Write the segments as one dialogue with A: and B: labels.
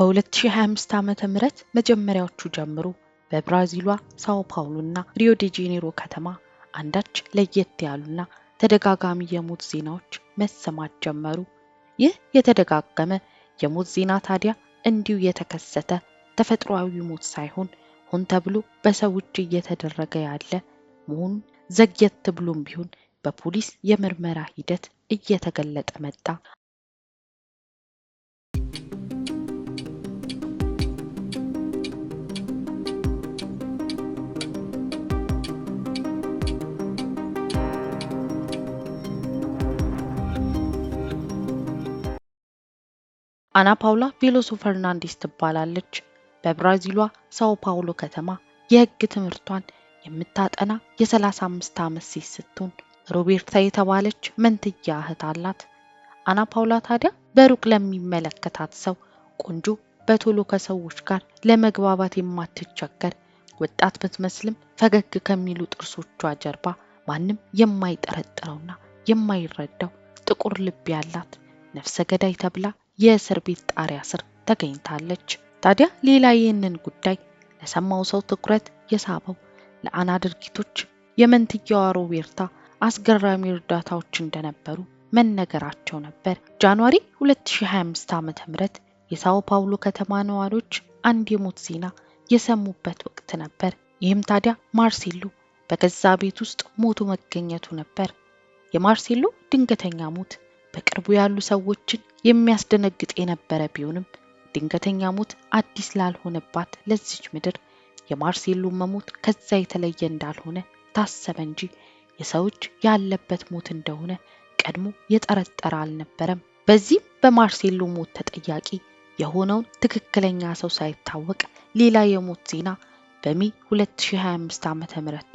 A: በ2025 ዓ ም መጀመሪያዎቹ ጀምሮ በብራዚሏ ሳኦ ፓውሎና ሪዮ ዴ ጄኔሮ ከተማ አንዳች ለየት ያሉና ተደጋጋሚ የሞት ዜናዎች መሰማት ጀመሩ። ይህ የተደጋገመ የሞት ዜና ታዲያ እንዲሁ የተከሰተ ተፈጥሯዊ ሞት ሳይሆን ሆን ተብሎ በሰዎች እየተደረገ ያለ መሆኑን ዘግየት ብሎም ቢሆን በፖሊስ የምርመራ ሂደት እየተገለጠ መጣ።
B: አና ፓውላ ቬሎሶ ፈርናንዴስ ትባላለች። በብራዚሏ ሳኦ ፓውሎ ከተማ የህግ ትምህርቷን የምታጠና የ35 ዓመት ሴት ስትሆን ሮቤርታ የተባለች መንትያ እህት አላት። አና ፓውላ ታዲያ በሩቅ ለሚመለከታት ሰው ቆንጆ፣ በቶሎ ከሰዎች ጋር ለመግባባት የማትቸገር ወጣት ብትመስልም ፈገግ ከሚሉ ጥርሶቿ ጀርባ ማንም የማይጠረጥረውና የማይረዳው ጥቁር ልብ ያላት ነፍሰ ገዳይ ተብላ የእስር ቤት ጣሪያ ስር ተገኝታለች። ታዲያ ሌላ ይህንን ጉዳይ ለሰማው ሰው ትኩረት የሳበው ለአና ድርጊቶች የመንትያዋ ሮቤርታ አስገራሚ እርዳታዎች እንደነበሩ መነገራቸው ነበር። ጃንዋሪ 2025 ዓ ም ፓውሎ ከተማ ነዋሪዎች አንድ የሞት ዜና የሰሙበት ወቅት ነበር። ይህም ታዲያ ማርሴሎ በገዛ ቤት ውስጥ ሞቱ መገኘቱ ነበር። የማርሴሎ ድንገተኛ ሞት በቅርቡ ያሉ ሰዎችን የሚያስደነግጥ የነበረ ቢሆንም ድንገተኛ ሞት አዲስ ላልሆነባት ለዚች ምድር የማርሴሎ መሞት ከዛ የተለየ እንዳልሆነ ታሰበ እንጂ የሰዎች ያለበት ሞት እንደሆነ ቀድሞ የጠረጠረ አልነበረም። በዚህም በማርሴሎ ሞት ተጠያቂ የሆነውን ትክክለኛ ሰው ሳይታወቅ ሌላ የሞት ዜና በሚ 2025 ዓ.ም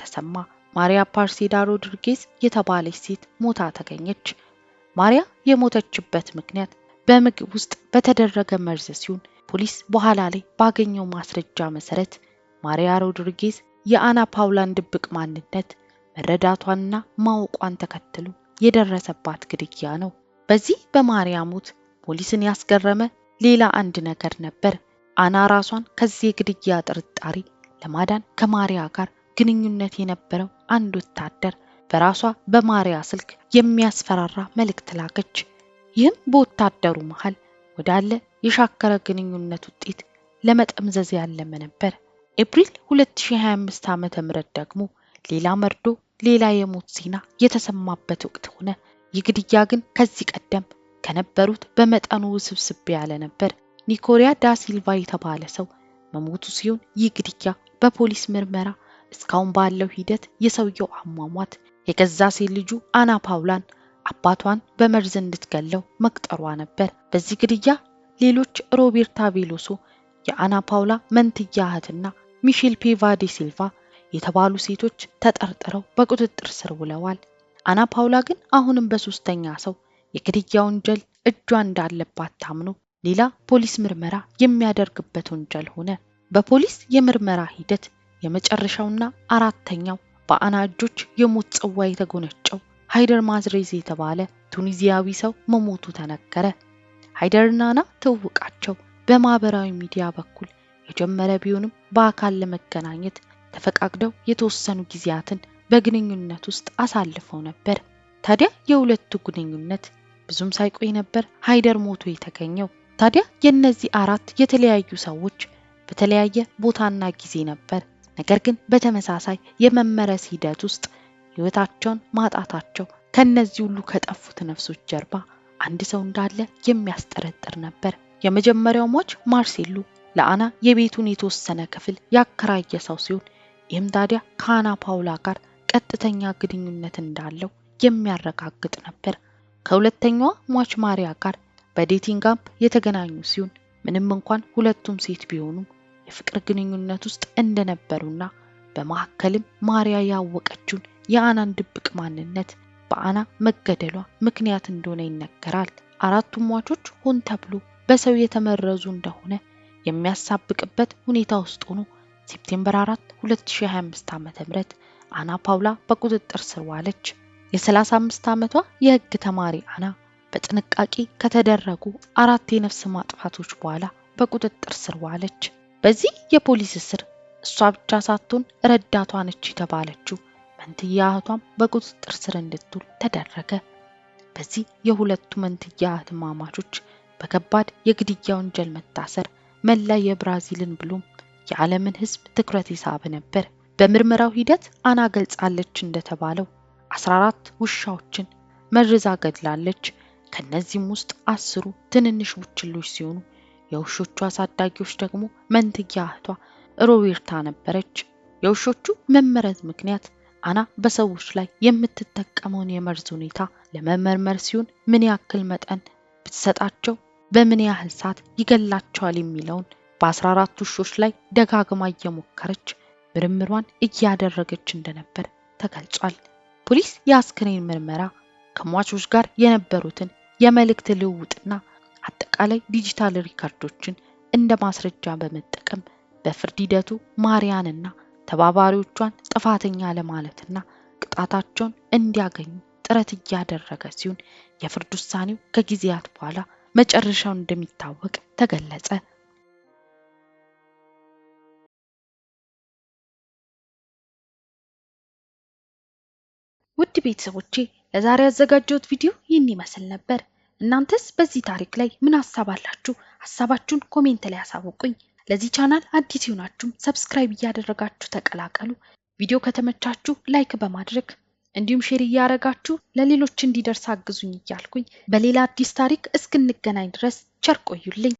B: ተሰማ። ማሪያ ፓርሴዳ ሮድሪጌዝ የተባለች ሴት ሞታ ተገኘች። ማሪያ የሞተችበት ምክንያት በምግብ ውስጥ በተደረገ መርዝ ሲሆን ፖሊስ በኋላ ላይ ባገኘው ማስረጃ መሰረት ማሪያ ሮድሪጌዝ የአና ፓውላን ድብቅ ማንነት መረዳቷንና ማወቋን ተከትሎ የደረሰባት ግድያ ነው። በዚህ በማሪያ ሞት ፖሊስን ያስገረመ ሌላ አንድ ነገር ነበር። አና ራሷን ከዚህ የግድያ ጥርጣሬ ለማዳን ከማሪያ ጋር ግንኙነት የነበረው አንድ ወታደር በራሷ በማሪያ ስልክ የሚያስፈራራ መልእክት ላከች። ይህም በወታደሩ መሃል ወዳለ የሻከረ ግንኙነት ውጤት ለመጠምዘዝ ያለመ ነበር። ኤፕሪል 2025 ዓ ም ደግሞ ሌላ መርዶ፣ ሌላ የሞት ዜና የተሰማበት ወቅት ሆነ። ይህ ግድያ ግን ከዚህ ቀደም ከነበሩት በመጠኑ ውስብስብ ያለ ነበር። ኒኮሪያ ዳሲልቫ የተባለ ሰው መሞቱ ሲሆን ይህ ግድያ በፖሊስ ምርመራ እስካሁን ባለው ሂደት የሰውየው አሟሟት የገዛ ሴት ልጁ አና ፓውላን አባቷን በመርዝ እንድትገለው መቅጠሯ ነበር። በዚህ ግድያ ሌሎች ሮቤርታ ቬሎሶ የአና ፓውላ መንትያ እህትና ሚሼል ፔቫዴ ሲልቫ የተባሉ ሴቶች ተጠርጥረው በቁጥጥር ስር ውለዋል። አና ፓውላ ግን አሁንም በሶስተኛ ሰው የግድያ ወንጀል እጇ እንዳለባት ታምኖ ሌላ ፖሊስ ምርመራ የሚያደርግበት ወንጀል ሆነ። በፖሊስ የምርመራ ሂደት የመጨረሻውና አራተኛው በአና እጆች የሞት ጽዋ የተጎነጨው ሃይደር ማዝሬዝ የተባለ ቱኒዚያዊ ሰው መሞቱ ተነገረ። ሃይደርናና ትውውቃቸው በማህበራዊ ሚዲያ በኩል የጀመረ ቢሆንም በአካል ለመገናኘት ተፈቃቅደው የተወሰኑ ጊዜያትን በግንኙነት ውስጥ አሳልፈው ነበር። ታዲያ የሁለቱ ግንኙነት ብዙም ሳይቆይ ነበር ሃይደር ሞቶ የተገኘው። ታዲያ የእነዚህ አራት የተለያዩ ሰዎች በተለያየ ቦታና ጊዜ ነበር ነገር ግን በተመሳሳይ የመመረስ ሂደት ውስጥ ህይወታቸውን ማጣታቸው ከነዚህ ሁሉ ከጠፉት ነፍሶች ጀርባ አንድ ሰው እንዳለ የሚያስጠረጥር ነበር። የመጀመሪያው ሟች ማርሴሉ ለአና የቤቱን የተወሰነ ክፍል ያከራየ ሰው ሲሆን ይህም ታዲያ ከአና ፓውላ ጋር ቀጥተኛ ግንኙነት እንዳለው የሚያረጋግጥ ነበር። ከሁለተኛዋ ሟች ማሪያ ጋር በዴቲንግ አፕ የተገናኙ ሲሆን ምንም እንኳን ሁለቱም ሴት ቢሆኑም የፍቅር ግንኙነት ውስጥ እንደነበሩና በመሀከልም ማሪያ ያወቀችውን የአናን ድብቅ ማንነት በአና መገደሏ ምክንያት እንደሆነ ይነገራል። አራቱ ሟቾች ሆን ተብሎ በሰው የተመረዙ እንደሆነ የሚያሳብቅበት ሁኔታ ውስጥ ሆኖ ሴፕቴምበር 4 2025 ዓ.ም አና ፓውላ በቁጥጥር ስር ዋለች። የ35 ዓመቷ የህግ ተማሪ አና በጥንቃቄ ከተደረጉ አራት የነፍስ ማጥፋቶች በኋላ በቁጥጥር ስር ዋለች። በዚህ የፖሊስ እስር እሷ ብቻ ሳትሆን ረዳቷ ነች የተባለችው መንትያ እህቷም በቁጥጥር ስር እንድትውል ተደረገ። በዚህ የሁለቱ መንትያ እህትማማቾች በከባድ የግድያ ወንጀል መታሰር መላ የብራዚልን ብሎም የዓለምን ሕዝብ ትኩረት የሳበ ነበር። በምርመራው ሂደት አና ገልጻለች እንደተባለው 14 ውሻዎችን መርዛ ገድላለች። ከነዚህም ውስጥ አስሩ ትንንሽ ቡችሎች ሲሆኑ የውሾቹ አሳዳጊዎች ደግሞ መንትያ እህቷ ሮቤርታ ነበረች። የውሾቹ መመረዝ ምክንያት አና በሰዎች ላይ የምትጠቀመውን የመርዝ ሁኔታ ለመመርመር ሲሆን ምን ያክል መጠን ብትሰጣቸው በምን ያህል ሰዓት ይገላቸዋል የሚለውን በ14 ውሾች ላይ ደጋግማ እየሞከረች ምርምሯን እያደረገች እንደነበር ተገልጿል። ፖሊስ የአስክሬን ምርመራ ከሟቾች ጋር የነበሩትን የመልእክት ልውውጥና አጠቃላይ ዲጂታል ሪካርዶችን እንደ ማስረጃ በመጠቀም በፍርድ ሂደቱ ማሪያንና ተባባሪዎቿን ጥፋተኛ ለማለትና ቅጣታቸውን እንዲያገኙ ጥረት እያደረገ ሲሆን የፍርድ ውሳኔው ከጊዜያት በኋላ መጨረሻው እንደሚታወቅ ተገለጸ።
C: ውድ ቤተሰቦቼ ለዛሬ ያዘጋጀሁት ቪዲዮ ይህን ይመስል ነበር። እናንተስ በዚህ ታሪክ ላይ ምን ሀሳብ አላችሁ? ሀሳባችሁን ኮሜንት ላይ አሳውቁኝ ለዚህ ቻናል አዲስ ይሆናችሁም ሰብስክራይብ እያደረጋችሁ ተቀላቀሉ። ቪዲዮ ከተመቻችሁ ላይክ በማድረግ እንዲሁም ሼር እያደረጋችሁ ለሌሎች እንዲደርስ አግዙኝ እያልኩኝ በሌላ አዲስ ታሪክ እስክንገናኝ ድረስ ቸር ቆዩልኝ።